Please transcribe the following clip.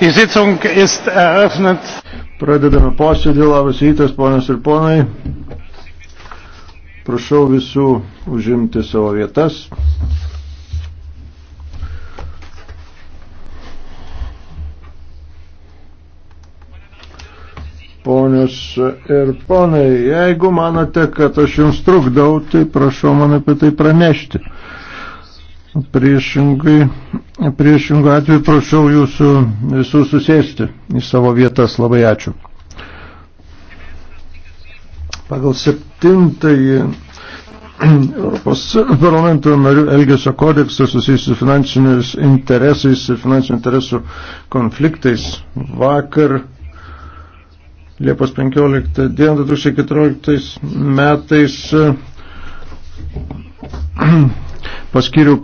Die Sitzung ist eröffnet. Pradedame posėdį, labas rytas, ponios ir ponai. Prašau visų užimti savo vietas. Ponios ir ponai, jeigu manote, kad aš jums trukdau, tai prašau man apie tai pranešti. Priešingai Priešingų atveju prašau jūsų visus susėsti į savo vietas. Labai ačiū. Pagal septintąjį Europos parlamento narių Elgesio kodeksą susijusiu su finansiniais interesais ir finansinių interesų konfliktais vakar Liepos 15 dieną 2014 metais paskiriau